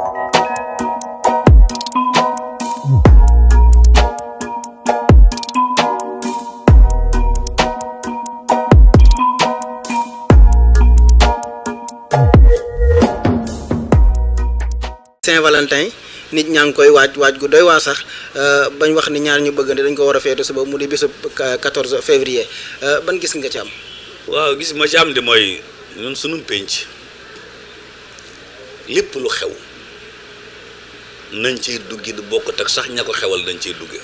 Saint-Valentin nit ñaa ngi koy waaj waaj gu doy waa sax euh, bañ wax ni ñaar ñu bëgg bëggante dañ ko war a feetu suba mu di bisub 14 février euh, ban gis nga ci am. waaw gis ma ci am mooy ñun sunu pénc lépp lu xew. nañ ciy duggi du bokk teg sax ña ko xewal nañ ciy dugge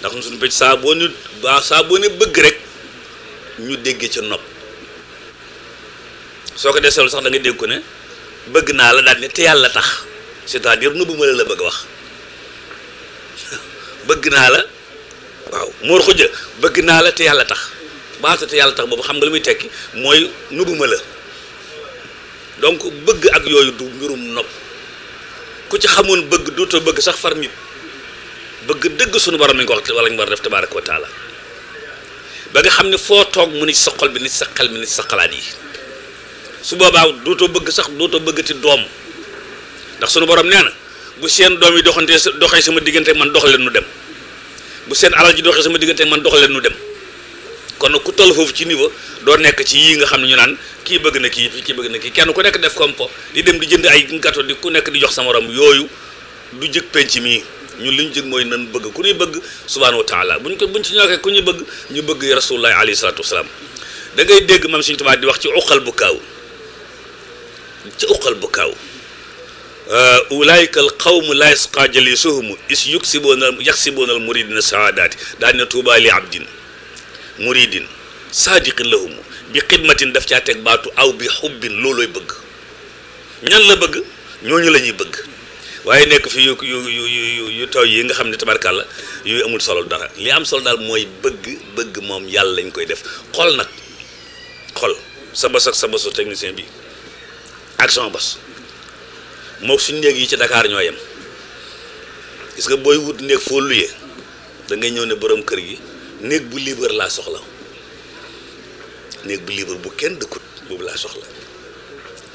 ndax suñu pecc saaboo boo ne saa boo bëgg rek ñu dégge ca nopp soo ko deseewul sax da nga dégg ko ne bëgg naa la daal ne te yàlla tax c'est-à-dire nu bu ma la bëgg wax bëgg naa la waaw moor xuja bëgg naa la te yàlla tax baata te yàlla tax boobu xam nga lu muy tekki mooy nu la donc bëgg ak yooyu du mbirum nopp ku ci xamoon bëgg dootoo bëgg sax far nit bëgg dëgg sunu borom lañ ko wax wala ñu war a def tabaaraka wa taala ba nga xam ne foo toog mu ni sa bi ni sa xel bi ni sa xalaat yi su boobaa dootoo bëgg sax dootoo ti doom ndax sunu borom nee na bu seen doom yi doxante doxee sama diggante man dox leen nu dem bu seen alal ji doxee sama diggante man dox leen nu dem. kon ku toll foofu ci niveau doo nekk ci yii nga xam ne ñu naan kii bëgg na kii kii bëgg na kii kenn ku nekk def compo di dem di jënd ay gâteau di ku nekk di jox sa morom yooyu du jëg penc mi ñun li ñu jëg mooy nan bëgg ku ñuy bëgg subhaanahu wa taala buñ ko buñ ci ñookee ku ñu bëgg ñu bëgg rasulullahi alayhi salatu wasalaam da ngay dégg mam suñu tubaab di wax ci uqal bu kaaw ci uqal bu kaaw euh, ulaayika al qawmu laa yasqa jalisuhum is yuksiboona yaksiboona al muridina saadaati daa dina tuubaa li abdin muridin saadiqin lahum bi xidmatin daf caa teg baatu aw bi xubbin loolooy bëgg ñan la bëgg ñooñu la ñuy bëgg waaye nekk fi yu yu yu yu taw yi nga xam ne tabarkàlla yooyu amul solo dara li am solo daal mooy bëgg bëgg moom yàlla lañ koy def xol nag xol sa bos ak sa bosu technicien bi ak sama bos moo suñ néeg yi ci Dakar ñoo yem gis booy wut néeg foo luyee da ngay ñëw ne boroom kër gi. néeg bu libre laa soxla néeg bu libre bu kenn dëkkut boobu laa soxla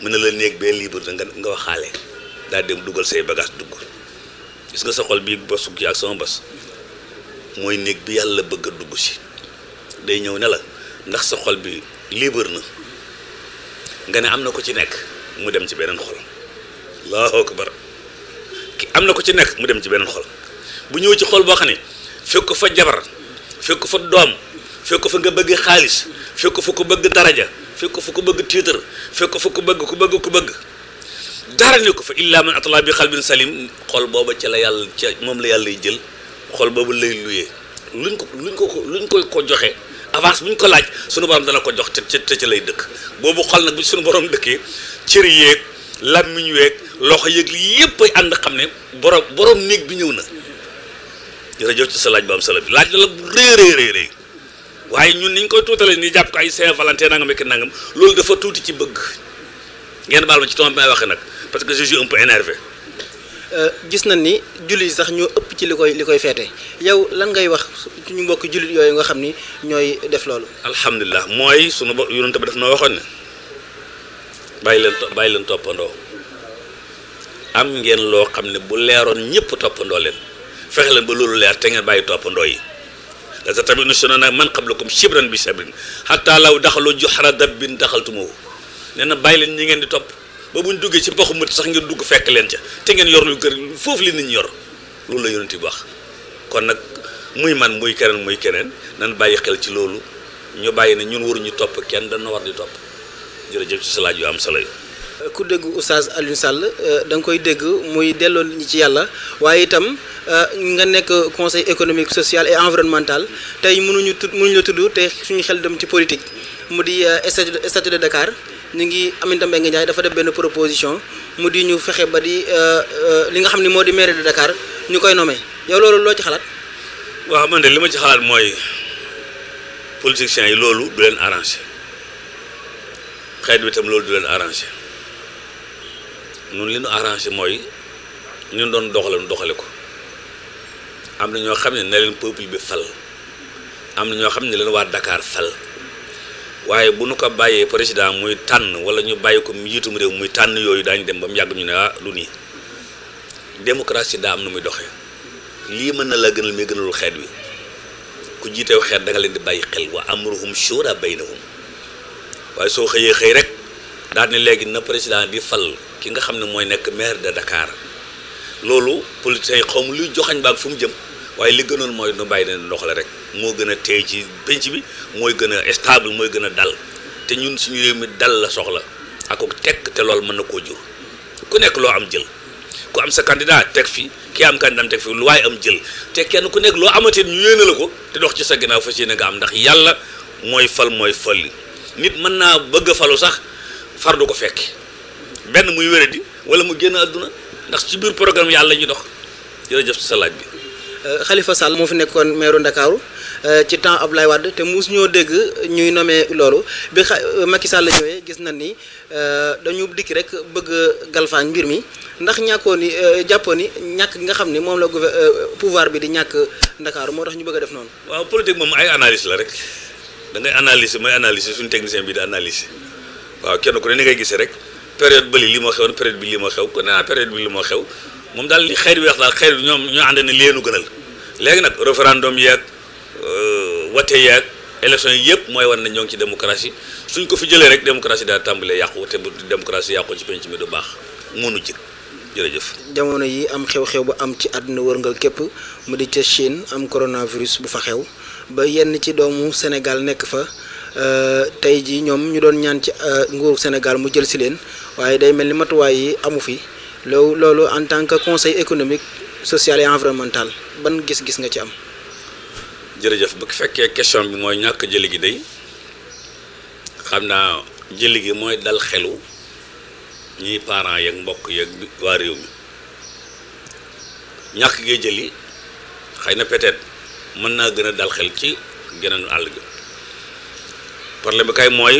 mën na la néeg bee libre da nga nga waxaale daa dem dugal say bagage dugg gis nga sa xol bii bosu mooy néeg bi yàlla bëgg dugg si day ñëw ne la ndax sa bi libre na nga ne am na ko ci nekk mu dem ci beneen xol allahu akbar ki am na ko ci nekk mu dem ci beneen xol bu ñëw ci xol boo xam ne fekk ko fa jabar fekk fa doom fekk fa nga bëgg xaalis fekk fa ko bëgg daraja fekk fa ko bëgg titre fekk fa ko bëgg ko bëgg ku bëgg dara ne ko fa illaa man atala bi xal salim xol booba ci la yàlla ca moom la yàlla jël xol boobu lay luyee luñ ko luñ ko ko luñ koy ko joxe avance bu ñu ko laaj sunu borom dana ko jox te te ca lay dëkk boobu xol nag bu sunu borom dëkkee cër yeeg làmmiñ weeg loxo yëg li yépp ay ànd xam ne borom borom néeg bi ñëw na jërëjëf ci sa laaj bu am solo laaj la la bu réeréeréer réer waaye ñun ni ñu koy tuutalee ni jàpp ko ay Saint-Valentin nangam ak nangam loolu dafa tuuti ci bëgg ngeen baal ma ci toom bi may waxee nag parce que je suis un peu euh, gis na ni jullit sax ñoo ëpp ci li koy li koy feete yow lan ngay wax ñu mbokk jullit yooyu nga xam ni ñooy def loolu. alhamdulilah mooy sunu bo yonent bi daf noo waxoon ne bàyyi leen bàyyi leen toppandoo am ngeen loo xam ne bu leeroon ñëpp toppandoo leen. fexe leen ba loolu leer te ngeen bàyyi toppandoo yi la sa tamit nu sunu nag man qablakum shibran bi sabrin hatta law daxalu juhra dabbin daxaltumuhu nee na bàyyi leen ñi ngeen di topp ba buñ duggee ci mbaxu mët sax ngeen dugg fekk leen ca te ngeen yor lu kër foofu li ñu ñi yor loolu la yonent bi wax kon nag muy man muy keneen muy keneen nan bàyyi xel ci loolu ñu bàyyi ne ñun waruñu topp kenn dana war di topp jërëjëf ci sa laaj yu am solo yi ku dégg oustaz Alioune Sall euh, da nga koy dégg muy delloo ñi ci yàlla waaye itam Euh, nga nekk conseil économique social et environnemental tey mënuñu tudd mënuñu la tudd te suñu xel dem ci politique mu di euh, statut de Dakar ñu ngi Aminata Mbengue Ndiaye dafa def benn proposition mu di ñu fexe ba di euh, li nga xam ni moo di maire de Dakar ñu koy nommé yow loolu loo ci xalaat. waaw man de li ma ci xalaat mooy politiciens yi loolu du leen arrangé xeet bi tam loolu du leen arrangé ñun li nu arrangé mooy ñun doon doxale nu doxale ko. am na ñoo xam ne na leen peuple bi fal am na ñoo xam ne leen waa dakaar fal waaye bu nu ko bàyyee président muy tànn wala ñu bàyyi ko njiitum réew muy tànn yooyu daañu dem ba mu yàgg ñu ne ah lu nii démocratie daa am na muy doxee lii mën na la gënal mais gënalul xeet wi ku jiitew xeet danga leen di bàyyi xel wa bay na baynahum waaye soo xëyee xëy rek daal ni léegi na président di fal ki nga xam ne mooy nekk maire de dakaar loolu politiciens xaw ma luy joxañ baag fu mu jëm. waaye li gënoon mooy nu bàyyi leen ndox la rek moo gën a teey ci penc bi mooy gën a stable mooy gën a dal te ñun suñu réew mi dal la soxla ak ko tekk te loolu mën na koo jur ku nekk loo am jël ku am sa teg fi ki am candidat teg fi waaye am jël te kenn ku nekk loo amatee ñu yéene la ko te dox ci sa ginnaaw fas yéene nga am ndax yàlla mooy fal mooy falli nit mën naa bëgg a falu sax far du ko fekk benn muy wéradi wala mu génn àdduna ndax ci biir programme yàlla ñu dox jërëjëf ci sa laaj bi xalifa euh, Sall moo fi nekkoon meeru Ndakaaru euh, ci temps Abdoulaye Wade te muus ñoo dégg ñuy nommé loolu bi xa euh, Macky Sall ñëwee gis nañ ni dañu dikk rek bëgg galfaañ mbir mi ndax ñàkkoon ni jàppoon ni ñàkk nga xam ni moom la pouvoir bi di ñàkk Ndakaaru moo tax ñu bëgg a def noonu. waaw politique moom ay analyse la rek da ngay analyser mooy analyser suñu technicien bi di analyser waaw kenn ku ne ni gisee rek période bële lii moo xewoon période bi lii moo xew kon ah, bi lii moo xew moom daal li xeer bi wax daal xeer bi ñoom ñoo ànd ne leenu gënal. léegi nag référendum yeeg euh, wate yeeg élection yi yëpp mooy war na ñoo ngi ci démocratie suñ ko fi jëlee rek démocratie daa tàmbalee yàqu te bu démocratie yàqu ci penc mi du baax munu jik jërëjëf jamono yi am xew-xew ba am ci àdduna wërngal képp mu di ca Chine am coronavirus bu fa xew ba yenn ci doomu Sénégal nekk fa euh, tey jii ñoom ñu doon ñaan ci euh, nguur Sénégal mu jël si leen waaye day mel ni matuwaay yi amu fi loolu loolu en tant que conseil économique sociale et environnementale ban gis-gis nga ci am. jërëjëf bu fekkee question bi mooy ñàkk jëli gi day xam naa jëli gi mooy dal xelu ñiy parents yeeg mbokk yeeg waa réew mi ñàkk gee jëli xëy na peut-être mën naa gën a dal xel ci geneen àll gi problème bi kay mooy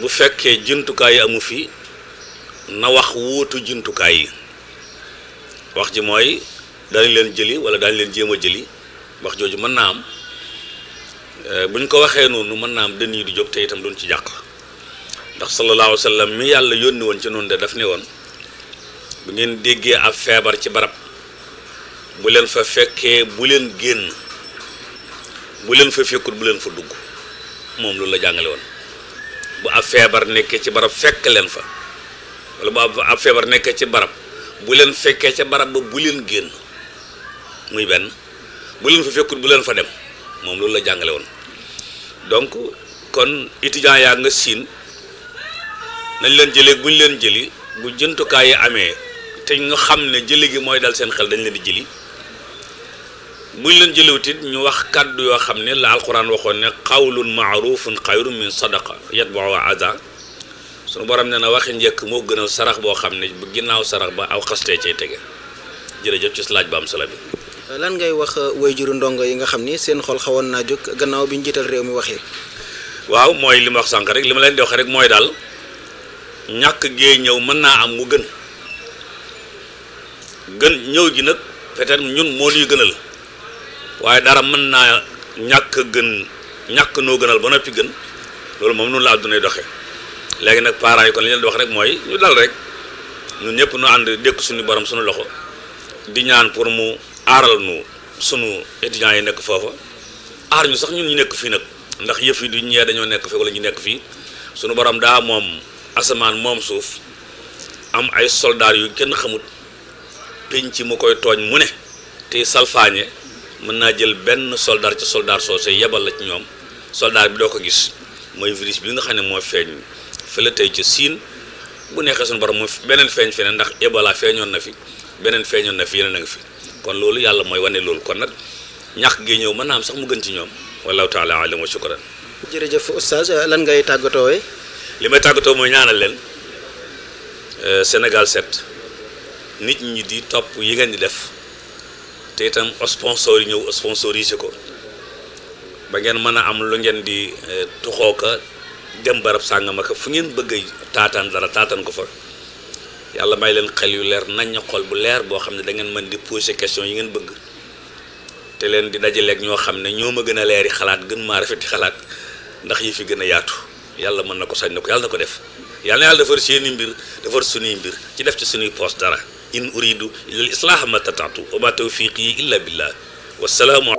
bu fekkee jumtukaay yi amu fi na wax wuutu jumtukaay yi. wax ji mooy danañ leen jëli wala daañu leen jéem a jëli wax jooju mën naa am eh, bu ñu ko waxee noonu mën naa am dënn yi du jóg te itam duñ ci jàq ndax sallallahu alayhi wa sallam mi yàlla yónni woon ci noonu de daf ne woon bu ngeen déggee ab feebar ci barab bu leen fa fekkee bu leen génn bu leen fa fekkut bu leen fa dugg moom loolu la jàngale woon bu ab feebar nekkee ci barab fekk leen fa wala bu ab feebar nekkee ci barab bu leen fekkee ca barab ba bu leen génn muy benn bu leen fa fekkut bu leen fa dem moom loolu la jàngale woon donc kon étudiant yaa nga siin nañ leen jëlee bu ñu leen jëli bu jëntukaay yi amee te ñu xam ne jëli gi mooy dal seen xel dañ leen di jëli bu ñu leen jëliwut it ñu wax kàddu yoo xam ne la alxuraan waxoon ne qawlun maarufun xayrun min sadaqa yatbau aza suñu borom ne na waxi njëkk moo gënal sarax boo xam ne ginnaaw sarax ba aw xastee cay tege jërëjëf ci laaj ba am solo bi lan ngay wax euh, wayjuru ndongo yi nga xam ni seen xol xawoon naa jóg gannaaw bi ñu jiital réew mi waxee waaw mooy li ma wax sànq rek li ma leen di wax rek mooy daal ñàkk gee ñëw mën naa am mu gën gën ñëw gi nag peut-être ñun moo ñuy gënal waaye dara mën naa ñàkk gën ñàkk noo gënal ba noppi gën loolu moom noonu la àddunay doxee léegi nag parents yi kon li leen wax rek mooy ñu dal rek ñu ñëpp nu ànd dékk suñu borom suñu loxo di ñaan pour mu aaral nu sunu étudiants yi nekk foofa aar ñu sax ñun ñu nekk fii nag ndax yëf yi du ñee dañoo nekk fii wala ñu nekk fii suñu borom daa moom asamaan moom suuf am ay soldats yu kenn xamut ci mu koy tooñ mu ne te salfaañe mën naa jël benn soldat ci soldat soosey yebal la ci ñoom soldat bi doo ko gis mooy virus bi nga xam ne moo feeñ. fële tey ci siin bu neexee suñu borom mu beneen feeñ feneen ndax Ebola feeñoon na fi beneen feeñoon na fi yeneen a ngi fi kon loolu yàlla mooy wane loolu kon nag ñax gi ñëw mën naa am sax mu gën ci ñoom wallahu taala alam wa shukran jërëjëf oustaz lan ngay tàggatoowee li may tàggatoo mooy ñaanal leen euh, Sénégal set nit ñi di topp yi ngeen di def te itam sponsor yi ñëw sponsorisé ko ba ngeen mën a am lu ngeen di euh, tuxoo dem barab sàngam ak fu ngeen bëgg taataan dara taataan ko fa yàlla may leen xel yu leer naññ xol bu leer boo xam ne da ngeen mën di poser question yi ngeen bëgg te leen di dajaleeg ñoo xam ne ñoo ma gën a leeri xalaat gën maa rafet yi xalaat ndax yi fi gën a yaatu yàlla mën na ko sañ na ko yàlla na ko def yàlla na yàlla defar seeni mbir defar sunuy mbir ci def ci sunuy poos dara in uridu ilal islaaha ma tataatu wa ma tawfiqi illa billah wasalaamu